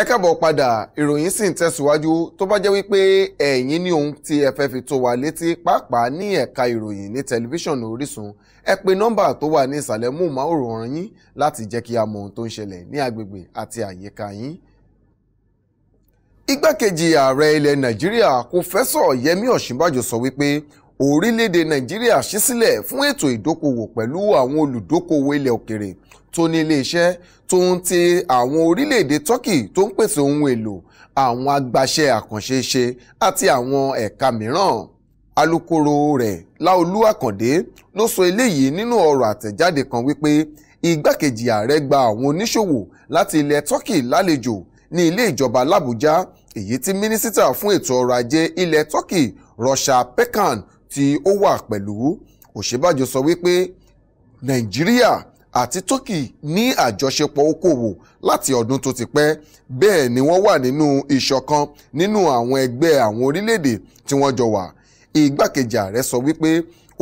ẹ káàbọ̀ padà ìròyìn sì ń tẹ̀síwájú tó bá jẹ́ wípé ẹ̀yin ní ohun tí ẹ fẹ́ fi tó wa létí pàápàá ní ẹ̀ka ìròyìn ní tẹlifíṣàn Orísun ẹ pe nọ́mbà tó wà ní ìsàlẹ̀ móhùnmáwòrán yín láti jẹ́ kí a mọ ohun tó ń ṣẹlẹ̀ ní agbègbè àti àyíká yín. igbákejì ààrẹ ilẹ̀ Nàìjíríà kòfẹ́sọ̀ Yẹmí Ọ̀ṣínbàjò sọ wípé orílẹ̀-èdè Nàìjíríà ṣí sílẹ̀ fún ètò ìdókòwò pẹ̀lú àwọn olùdókòwò ilẹ̀ òkèrè tó ní iléeṣẹ́ tó ń ti àwọn orílẹ̀-èdè Turkey tó ń pèsè ohun èlò àwọn agbaṣẹ́ àkànṣe ṣe àti àwọn ẹ̀ka mìíràn alukoro rẹ̀ Láolú Àkàndé ló sọ eléyìí nínú ọ̀rọ̀ àtẹ̀jáde kan wípé igbákejì ààrẹ gba àwọn oníṣòwò láti ilẹ̀ Turkey lálejò ní ilé ìjọba làbújá èyí tí mínísítà fún ètò ọrọ̀ ajé ilẹ̀ Turkey Rọ́ṣà Pekan tí ó wà pẹ̀lú Ọ̀ṣínbàjò sọ wípé Nàìjíríà àti Turkey ní àjọṣepọ̀ okòwò láti ọdún tó ti pẹ́ bẹ́ẹ̀ ni wọ́n wà nínú ìṣọ̀kan nínú àwọn ẹgbẹ́ àwọn orílẹ̀-èdè tí wọ́n jọ wà igbákejì ààrẹ sọ wípé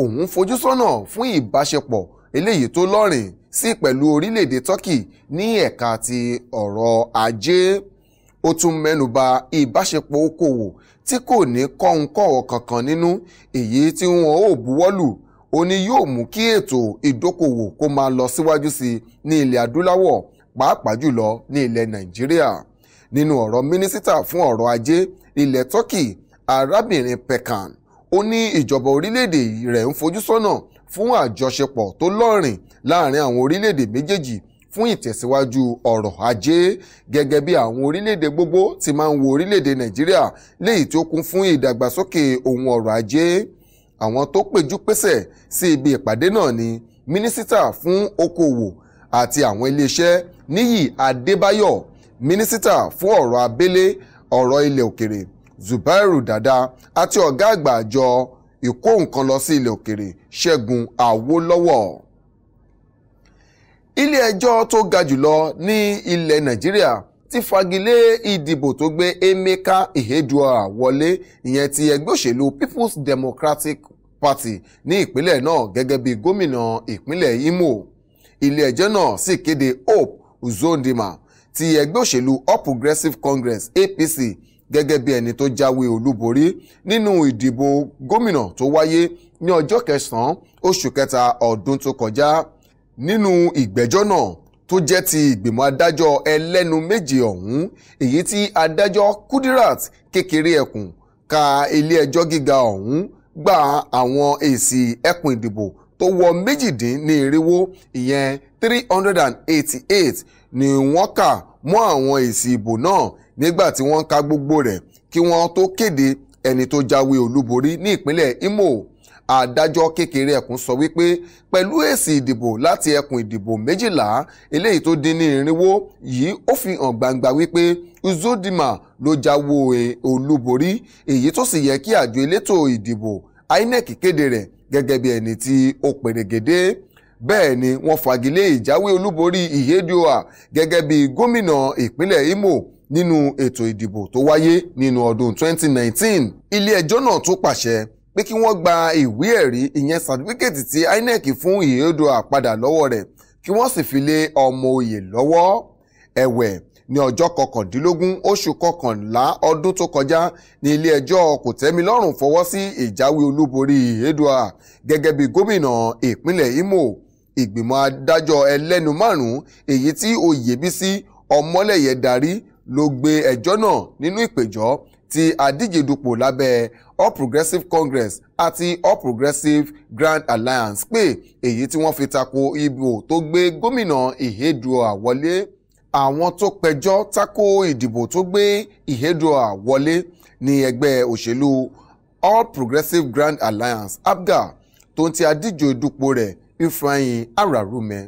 òun fojú sọ́nà fún ìbáṣepọ̀ eléyìí tó lọ́rìn sí pẹ̀lú orílẹ̀-èdè Turkey ní ẹ̀ka ti ọ̀rọ̀ ajé ó tún mẹ́nuba ìbáṣepọ̀ okòwò tí kò ní kọ́ńkọ́wọ́ kankan nínú èyí tí wọn ò buwọ́lù ó ní yóò mú kí ètò ìdókòwò kó máa lọ síwájú sí i ní ilẹ̀ adúláwọ̀ pàápàá jùlọ ní ilẹ̀ nàìjíríà nínú ọ̀rọ̀ mínísítà fún ọ̀rọ̀ ajé ilẹ̀ turkey arábìnrin pekan ó ní ìjọba orílẹ̀-èdè rẹ̀ ń fojú sọ́nà fún àjọṣepọ̀ tó lọ́rìn láàrin àwọn orílẹ̀-èdè méjèèjì fún ìtẹ̀síwájú ọ̀rọ̀ ajé gẹ́gẹ́ bí àwọn orílẹ̀-èdè gbogbo ti máa ń wo orílẹ̀-èdè nàìjíríà léyìí tó kún fún ìdàgbàsókè ohun ọ̀rọ̀ ajé àwọn tó péjú pésẹ̀ sí ibi ìpàdé náà ni mínísítà fún okòwò àti àwọn iléeṣẹ́ níyì adébáyọ̀ mínísítà fún ọ̀rọ̀ abélé ọ̀rọ̀ ilẹ̀ òkèrè zubairu dada àti ọ̀gá àgbà àjọ ìkó nǹkan lọ sí ilẹ̀ òkèrè ṣẹ́gun awólọ́wọ̀ ilé ẹjọ́ tó ga jùlọ ní ilẹ̀ nàìjíríà ti fagilé ìdìbò tó gbé Emeka Ihedua wọlé ìyẹn ti ẹgbẹ́ òṣèlú People's Democratic Party ní ìpínlẹ̀ náà gẹ́gẹ́ bí gómìnà ìpínlẹ̀ Imo ilé ẹjọ́ náà sì kéde Hope Uzodinma ti ẹgbẹ́ òṣèlú All Progressives Congress APC gẹ́gẹ́ bí ẹni tó jáwé olúborí nínú ìdìbò gómìnà tó wáyé ní ọjọ́ kẹsàn-án oṣù kẹta ọdún tó kọjá nínú ìgbẹ́jọ́ náà tó jẹ́ ti ìgbìmọ̀ adájọ́ ẹlẹ́nu méje ọ̀hún èyí tí adájọ́ Kudirat kékeré ẹkùn ka ilé ẹjọ́ gíga ọ̀hún gba àwọn èsì ẹkùn ìdìbò tó wọ méjìdínnírinwó ìyẹn three hundred and eighty-eight ni wọ́n kà mọ́ àwọn èsì ìbò náà nígbà tí wọ́n ka gbogbo rẹ̀ kí wọ́n tó kéde ẹni tó jáwé olúborí ní ìpínlẹ̀ Imo adájọ́ kékeré ẹkùn sọ wípé pẹ̀lú èsì ìdìbò láti ẹkùn ìdìbò méjìlá eléyìí tó dín ní irinwó yìí ó fi hàn gbangba wípé Uzodinma ló jáwé e olúborí èyí tó sì yẹ kí àjọ elétò ìdìbò INEC kéde rẹ̀ gẹ́gẹ́ bí ẹni tí ó pèrègèdè bẹ́ẹ̀ ni wọ́n fagilé ìjáwé olúborí Ihedioa gẹ́gẹ́ bí gómìnà ìpínlẹ̀ Imo nínú ètò ìdìbò tó wáyé nínú ọdún 2019 ilé ẹjọ́ náà tún pàṣẹ pé kí wọ́n gba ìwé ẹ̀rí ìyẹn sàtífíkẹ́ẹ̀tì tí INEC fún Ìyédùà padà lọ́wọ́ rẹ̀ kí wọ́n sì fi lé ọmọ òye lọ́wọ́ ẹ̀wẹ̀ ní ọjọ́ kọkàndínlógún oṣù kọkànlá ọdún tó kọjá ní ilé ẹjọ́ kòtẹ́milọ́rùn fọwọ́ sí ìjáwé olúborí Ìyédùà gẹ́gẹ́ bí gómìnà ìpínlẹ̀ Imo ìgbìmọ̀ adájọ́ ẹlẹ́nu márùn-ún èyí tí Oyèbísí Ọmọlẹ́yẹ darí ló gbé ẹjọ́ náà nínú ìpẹ̀jọ́ tí adíje lábẹ́ all progressives congress àti all progressives grand alliance pé èyí tí wọ́n fi tako ìbò tó gbé gómìnà ìhédùà wọlé àwọn tó pẹjọ́ tako ìdìbò tó gbé ìhédùà wọlé ní ẹgbẹ́ òṣèlú all progressives grand alliance abga tó ń ti adíje ìdúpọ̀ rẹ̀ ifeanyi ararume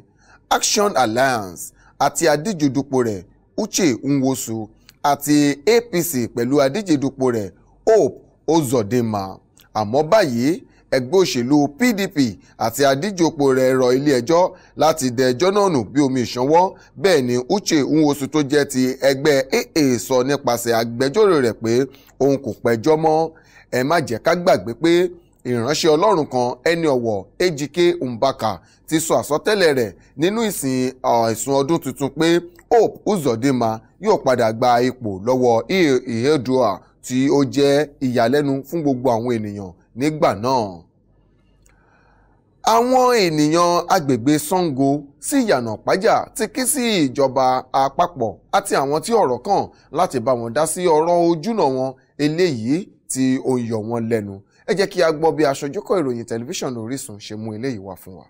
action alliance àti adíje ìdúpọ̀ rẹ̀ uche nwosu àti apc pẹ̀lú adíje ìdúpọ̀ rẹ̀ hope Ozodinma àmọ́ báyìí ẹgbẹ́ òṣèlú PDP àti adíjọpọ̀ rẹ̀ rọ ilé-ẹjọ́ láti dẹ ẹjọ́ náà nù bí omi ìṣanwọ́ bẹ́ẹ̀ ni Uche Nwosu tó jẹ́ ti ẹgbẹ́ AA sọ nípasẹ̀ agbẹjọ́rò rẹ̀ pé òun kò pẹjọ́ mọ́ ẹ má jẹ́ ká gbàgbé pé ìránṣẹ́ ọlọ́run kan ẹni ọ̀wọ̀ Ejike Mbaka ti sọ àsọtẹ́lẹ̀ rẹ̀ nínú ìsìn àìsùn ọdún tuntun pé Hope Uzodinma yóò padà gba ipò lọ́wọ́ Iheodua tí ó jẹ́ ìyàlẹ́nu fún gbogbo àwọn ènìyàn nígbà náà. àwọn ènìyàn agbègbè Sango sí ìyànà pàjá ti ké sí ìjọba àpapọ̀ àti àwọn tí ọ̀rọ̀ kàn láti bá wọn dá sí ọ̀rọ̀ ojúnà wọn eléyìí tí ó ń yọ wọn lẹ́nu ẹ jẹ́ kí a gbọ́ bí aṣojúkọ̀ ìròyìn tẹlifíṣàn Orísun ṣe mú eléyìí wá fún wa.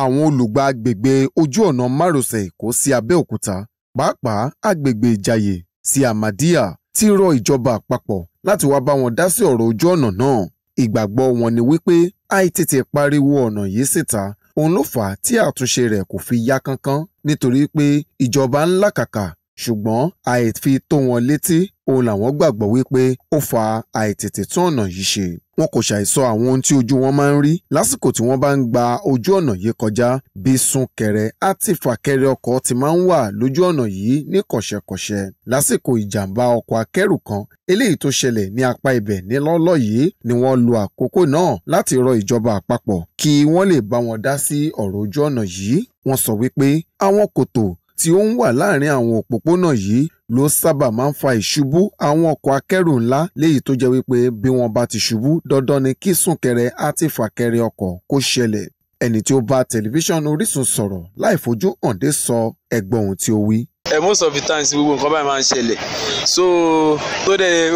àwọn olùgbà agbègbè ojú ọ̀nà márosẹ̀ Èkó sí Abẹ́òkúta pàápàá agbègbè Ìjàyè sí Ahmadiyya ti rọ ìjọba àpapọ̀ láti wá bá wọn dásí ọ̀rọ̀ ojú-ọ̀nà náà. Ìgbàgbọ́ wọn ni wípé àìtètè pariwo ọ̀nà yìí síta òun ló fà á tí àtúnṣe rẹ̀ kò fi yá kánkán nítorí pé ìjọba ń làkàkà ṣùgbọ́n àìfi tó wọn létí òun làwọn gbàgbọ́ wípé ó fa àìtètè tún ọ̀nà yìí ṣe. Wọn kò ṣàìsọ àwọn ohun tí ojú wọn máa ń rí lásìkò tí wọ́n bá ń gba ojú ọ̀nà yìí kọjá bí súnkẹrẹ àti fàkẹrẹ ọkọ̀ ti máa ń wà lójú ọ̀nà yìí ní kọ̀ṣẹ̀kọ̀ṣẹ lásìkò ìjàm̀bá ọkọ̀ akẹ́rù kan eléyìí tó ṣẹlẹ̀ ní apá ibẹ̀ nílọ́lọ́ yìí ni wọ́n lo àkókò náà láti rọ ìjọba àpapọ̀ kí wọ́n lè bá wọn dá sí ọ̀rọ̀ ojú ọ̀nà yìí wọ́n sọ wípé àwọn kòtò tí ó ń wà láàárín àwọn òpópónà yìí ló sábà máa ń fa ìṣubú àwọn ọkọ̀ akẹ́rù ńlá léyìí tó jẹ́ wípé bí wọ́n bá ti ṣubú dandan ni kí súnkẹrẹ àti fàkẹrẹ ọkọ̀ kó ṣẹlẹ̀ ẹni tí ó bá tẹlifíṣàn Orísun sọ̀rọ̀ láì fojú hànde sọ ẹgbọ́n tí ó wí ẹ eh, most of the times we nǹkan come máa ń ṣẹlẹ̀ so so the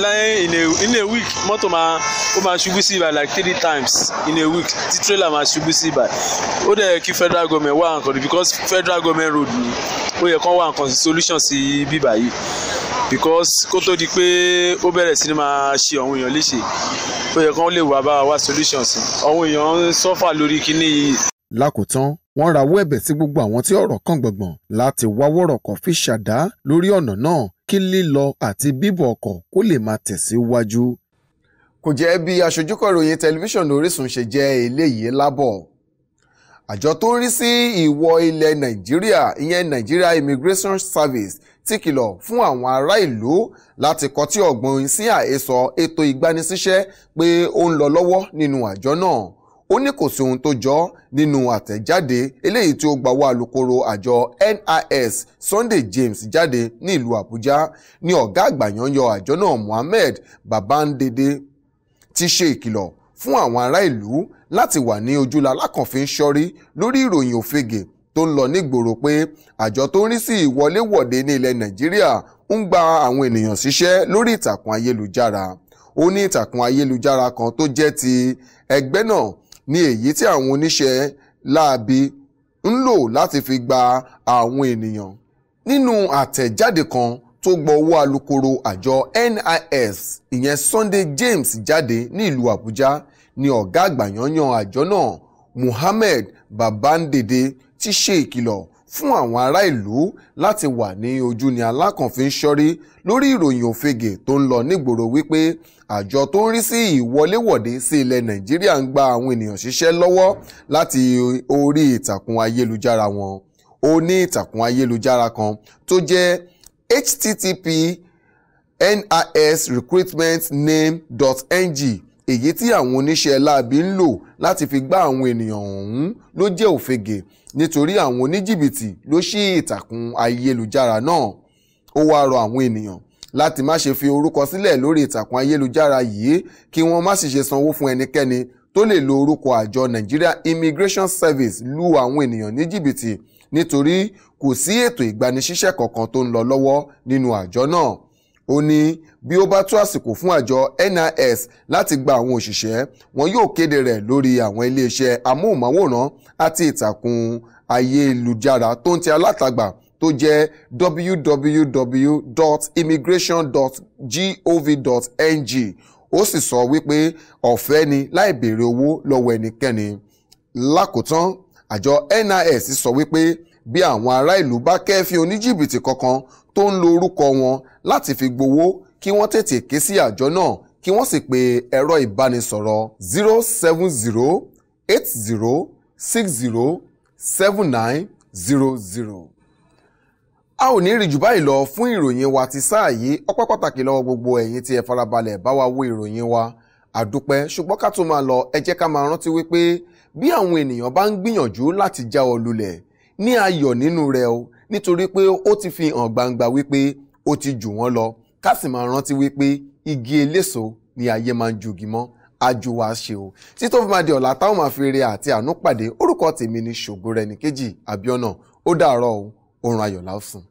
láyé in a in a week mọ́tò máa ó máa ṣubú sí ibà like three times in a week The trailer máa ṣubú sí ibà ó dẹ̀ kí federal government wá nǹkan because federal government road ni ó yẹ kán wá nǹkan solution sí bíbà yìí because kó tó di pé ó bẹ̀rẹ̀ sí ni máa ṣe àwọn èèyàn léṣe ó yẹ kán lè wá bá wa solution sí àwọn èèyàn ń sọ́fà lórí kínní yìí. lákòótán wọ́n rawọ́ ẹ̀bẹ̀ sí gbogbo àwọn tí ọ̀rọ̀ kàn gbọ̀ngbọ̀n láti wá wọ́rọ̀kọ̀ fi ṣàdá lórí ọ̀nà náà kí lílọ àti bíbọ̀ ọkọ̀ kó lè máa tẹ̀síwájú. kò jẹ́ bí aṣojúkọ̀ ìròyìn tẹlifíṣàn Orísun ṣe jẹ́ eléyìí lábọ̀ àjọ tó ń rí sí ìwọ̀ ilẹ̀ nàìjíríà ìyẹn Nigeria Immigration Service ti kìlọ̀ fún àwọn ará ìlú láti kọtí ọ̀gbọ̀n sí àhesọ ètò ìgbanisíṣẹ́ pé ó ń lọ lọ́wọ́ nínú àjọ náà ó ní kò sí ohun tó jọ nínú àtẹ̀jáde eléyìí tí ó gbà wá alukoro àjọ NIS Sunday James jáde ní ìlú Àbújá ní ọ̀gá àgbà yányọ àjọ náà Mohammed Babandede ti ṣe ìkìlọ̀ fún àwọn ará ìlú láti wà ní ojúlá alákànfin ṣọ́rí lórí ìròyìn òfegè tó ń lọ nígboro pé àjọ tó ń rí sí ìwọléwọ̀de ní ilẹ̀ Nàìjíríà ń gba àwọn ènìyàn síṣẹ́ lórí ìtàkùn ayélujára ó ní ìtàkùn ayélujára kan tó jẹ́ ti ẹgbẹ́ náà ni èyí tí àwọn oníṣẹ́ láabi ń lò láti fi gba àwọn ènìyàn nínú àtẹ̀jáde kan tó gbọ́wọ́ alukoro àjọ NIS ìyẹn Sunday James jáde ní ìlú Àbújá ni ọ̀gá àgbà yanyan àjọ náà Muhammed Babandede ti ṣe ìkìlọ̀ fún àwọn ará ìlú láti wà ní ojú ni alákànfin ṣọ́rí lórí ìròyìn òfegè tó ń lọ nígboro wípé àjọ tó ń rí sí ìwọléwọ̀de sí ilẹ̀ Nàìjíríà ń gba àwọn ènìyàn ṣiṣẹ́ lọ́wọ́ láti orí ìtàkùn ayélujára wọn ó ní ìtàkùn ayélujára kan tó jẹ́ http nisrecruitmentname.ng èyí tí àwọn oníṣẹ́ láabi ń lò láti fi gbá àwọn ènìyàn ọ̀hún ló jẹ́ òfegè nítorí àwọn oníjìbìtì ló ṣí ìtàkùn ayélujára náà ó wáá rọ àwọn ènìyàn láti má ṣe fi orúkọ sílẹ̀ lórí ìtàkùn ayélujára yìí kí wọ́n má sì ṣe sanwó fún ẹnikẹ́ni tó lè lo orúkọ àjọ Nigeria Immigration Service lu àwọn ènìyàn ní jìbìtì nítorí kò sí ètò ìgbanisíṣẹ́ kankan tó ń lọ lọ́wọ́ nínú àjọ náà ó ní bí ó bá tó àsìkò fún àjọ NIS láti gba àwọn òṣìṣẹ́ wọn yóò kéde rẹ̀ lórí àwọn iléeṣẹ́ amóhùnmáwòrán àti ìtàkùn ayélujára tó ń ti alátagbà tó jẹ́ www.immigration.gov.ng ó sì sọ wípé ọ̀fẹ́ ni láì béèrè owó lọ́wọ́ ẹnikẹ́ni. lákòótán àjọ NIS sọ wípé bí àwọn ará ìlú bá kẹ́fín oníjìbìtì kankan tó ń lo orúkọ wọn láti fi gbowó kí wọ́n tètè ké sí àjọ náà kí wọ́n sì pe ẹ̀rọ ìbánisọ̀rọ̀ zero seven zero eight zero six zero seven nine zero zero. a ò ní rí jù báyìí lọ fún ìròyìn wa ti sáà yìí ọpẹ́ pàtàkì lọ́wọ́ gbogbo ẹ̀yin tí ẹ farabalẹ̀ bá wa wo ìròyìn wa àdúpẹ́ ṣùgbọ́n ká tó máa lọ ẹ jẹ́ ká máa rántí wípé bí àwọn ènìyàn bá ń gbìyànjú láti já ọ lulẹ̀ ní ayọ̀ nínú rẹ o nítorí pé ó ti fi hàn gbangba wípé ó ti jù wọ́n lọ ká sì máa rántí wípé igi eléso ni ayé máa ń jugi mọ́ àjò wa ṣe o tí tó fi máa di ọ̀la táwọn máa fi rere àti àánú pàdé orúkọ tèmi ni ṣògo rẹ̀ ní kejì àbíọ́nà ó dàárọ̀ o oorun ayọ̀ la